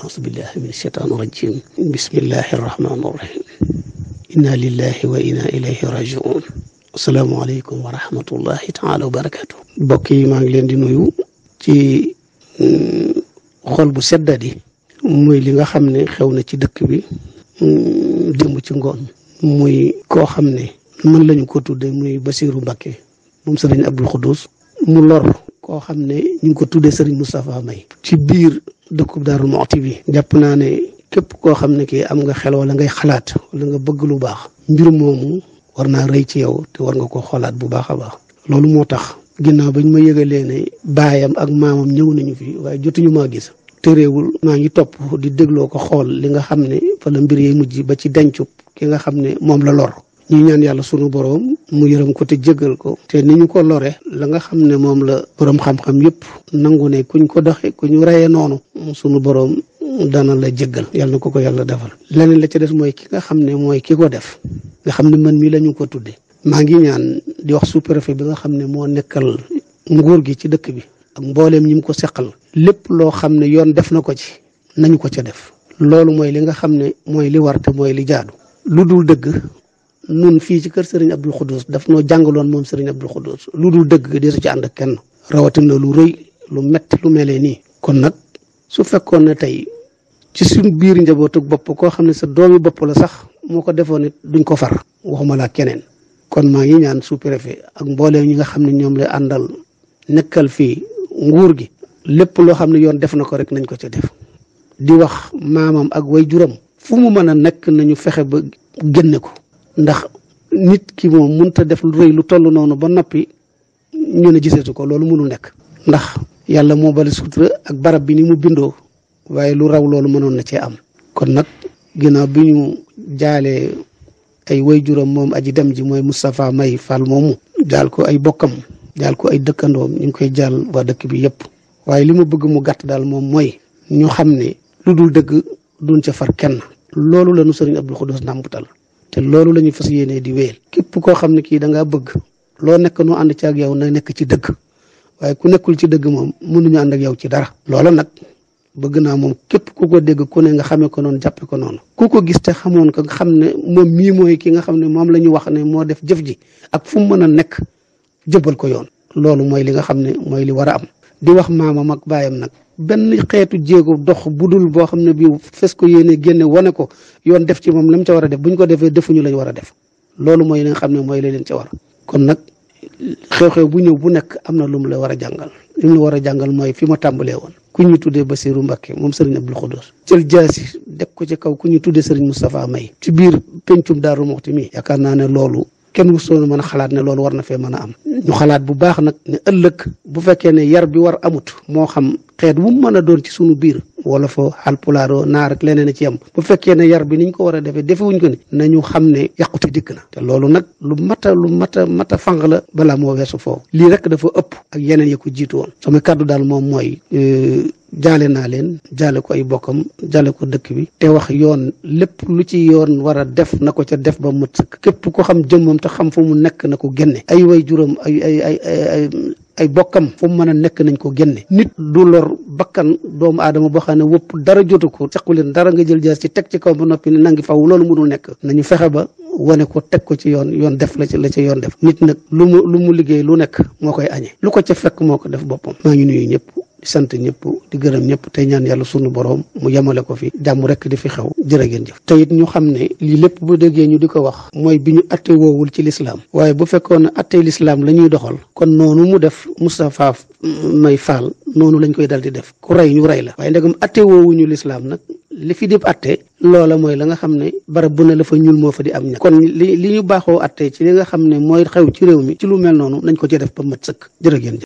أعوذ بالله من الشيطان الرجيم بسم الله الرحمن الرحيم إنا لله وإنا إليه راجعون asalaamaaleykum wa rahmatullahi taala yi maa ngi leen di nuyu ci mm, xol bu seddadi muy li nga xam ne xew na ci dëkk bi mm, démb ci ngoon muy koo xam ne mën lañu ko tudde muy Basiru Mbakke moom sëriñ Abdul Xudus mu lor koo xam ne ñu ngi ko tuddee sëriñ Moustapha May ci biir dëkkub Daaru Muxti bi jàpp naa ne képp koo xam ne kii am nga xel wala ngay xalaat wala nga bëgg lu baax mbir moomu war naa rëy ci yow te war nga ko xoolaat bu baax a baax loolu moo tax ginnaaw bañ ma yëgalee ne baayam ak maamam ñëw nañu fi waaye jotuñu maa gis téréewul maa ngi topp di dégloo ko xool li nga xam ne fa la mbir yee mujj ba ci dencub ki nga xam ne moom la lor ñuy ñaan yàlla sunu boroom mu yërëm ko te jéggal ko te ni ñu ko lore la nga xam ne moom la boroom xam-xam yépp nangu ne kuñ ko doxe ku ñu reyee noonu sunu boroom dana la jëggal yàlla na ko ko yàlla defal leneen la ca des mooy ki nga xam ne mooy ki ko def nga xam ne man mii la ñu ko tudde maa ngi ñaan di wax sous-préfet bi nga xam ne moo nekkal nguur gi ci dëkk bi ak mbooleem ñi mu ko seqal lépp loo xam ne yoon def na ko ci nañu ko ca def loolu mooy li nga xam ne mooy li war te mooy li jaadu lu dul dëgg nun fii ci kër sëriñ ab Abdou Khoudous daf noo jàngaloon moom Serigne Abdou Khoudous lu dul dëgg desu ci ànd ak su fekkoon ne tey ci suñ biir njabootuk bopp koo xam ne sa doomi bopp la sax moo ko defoon nit duñ ko far waxuma laa keneen kon maa ngi ñaan sous-préfet ak mbooleem ñi nga xam ne ñoom la àndal nekkal fii nguur gi lépp loo xam ne yoon def na ko rek nañ ko ca def di wax maamam ak way juram fu mu mën a nekk nañu fexe ba génne ko ndax nit ki moom mënta def lu rëy lu toll noonu ba noppi ñu ne gisatu ko loolu mënul nekk ndax yàlla moo bari sutura ak barab bi ni mu bindoo waaye lu raw loolu mënoon na cee am. kon nag ginnaaw bi ñu jaalee ay waajuram moom aji dem ji mooy Moustapha May Fall moomu. jaal ko ay bokkam jaal ko ay dëkkandoom ñu ngi koy jaal waa dëkk bi yëpp. waaye li ma bëgg mu gàtt daal moom mooy. ñu xam ne lu dul dëgg duñ ca far kenn. loolu la nu sëriñ Abdou Khoudous nàmbutal te loolu la ñu fas yéenee di wéyal. képp koo xam ne kii da ngaa bëgg. loo nekk noo ànd ci ak yow na nekk ci dëgg. waaye ku nekkul ci dëgg moom mënuñu ànd ak yow ci dara loola nag bëgg naa moom képp ku ko dégg ku ne nga xamee ko noonu jàppe ko noonu ku ko gis te xamoon ko nga xam ne moom mii mooy ki nga xam ne moom la ñu wax ne moo def jëf ji ak fu mu mën a nekk jëbal ko yoon loolu mooy li nga xam ne mooy li war a am di wax maamam ak baayam nag benn xeetu jéego dox bu dul boo xam ne bii fes ko yéene génne wane ko yoon def ci moom la mu ca war a def bu ñu ko defee defuñu lañ war a def loolu mooy li nga xam ne mooy li leen ca war kon nag xew-xew bu ñëw bu nekk am na lu mu la war a jàngal lu mu la war a jàngal mooy fi ma tàmbalee woon ku ñu tuddee Basiru Mbàkke moom Serigne Abdul Xudoos jël jaasi deg ko ci kaw ku ñuy tuddee Serigne Moustapha May ci biir pencum Daaru Muxti mi yaakaar naa ne loolu kenn wusoon mën a xalaat ne loolu war na fee mën a am ñu xalaat bu baax nag ne ëllëg bu fekkee ne yar bi war amut moo xam xeet wu mën a doon ci sunu biir wala fa xalpulaaroo naar ak leneen a ci am bu fekkee ne yar bi niñ ko war a defee defewuñ ko ni nañu xam ne yàqute dikk na te loolu nag lu mat a lu mat a mat a fànq la balaa moo weesu foofu lii rek dafa ëpp ak yeneen ya ko jiitu woon sama kàddu daal moom mooy euh, jaale naa leen jaale ko ay bokkam jaale ko dëkk bi te wax yoon lépp lu ci yoon war a def na ko ca def ba mu sëkk képp ko xam jëmmam te xam fu mu nekk na ko génne ay way juróom ay ay ay ay ay bokkam mu mën a nekk nañ ko génne nit du lor bakkan doomu aadama boo xam ne wëpp dara jotu ko sequ leen dara nga jël jaas ci teg ci kaw ba noppi ne nangi faw loolu mënul nekk nañu fexe ba wane ko teg ko ci yoon yoon def la ci la ci yoon def nit nag lu mu lu mu liggéey lu nekk moo koy añe lu ko ca fekk moo ko def boppam maa ngi nuyu ñëpp di sant ñëpp di gërëm ñëpp tey ñaan yàlla sunu boroom mu yemale ko fi jàmm rek di fi xew jër a ngeen jëf te it ñu xam ne lii lépp bu déggee ñu di ko wax mooy bi ñu atte woowul ci lislaam waaye bu fekkoon ate lislaam la ñuy doxal kon noonu mu def Moustapha May Fall noonu lañ koy dal di def ku rey ñu rey la waaye ndegam atte woowuñu lislaam nag li fi dib atte loola mooy la nga xam ne barab bu ne la fa ñuul moo fa di am ña kon li li ñu baaxoo atte ci li nga xam ne mooy xew ci réew mi ci lu noonu nañ ko ci def ba mat sëkk jërë ngeen